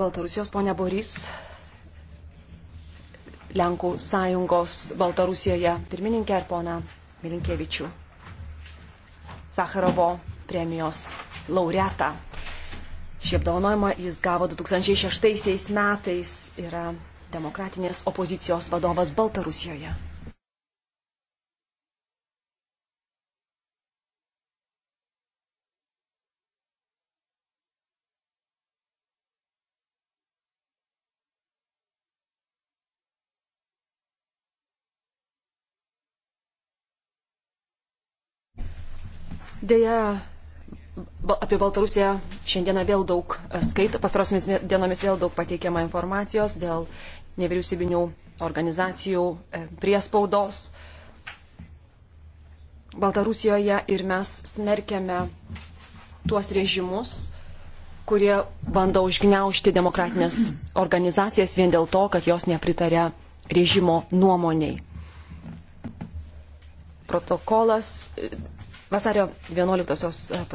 Baltarusijos ponia Boris, Lenkų sąjungos Baltarusijoje pirmininkė ir pona Milinkievičių, Sakarovo premijos laureatą. Šį apdovanojimą jis gavo 2006 metais, yra demokratinės opozicijos vadovas Baltarusijoje. Deja, apie Baltarusiją šiandieną vėl daug e, skaito, pastarosiamis dienomis vėl daug pateikiama informacijos dėl nevyriausybinių organizacijų e, priespaudos Baltarusijoje ir mes smerkiame tuos režimus, kurie bando užgneušti demokratinės organizacijas vien dėl to, kad jos nepritarė režimo nuomoniai protokolas, vasario 11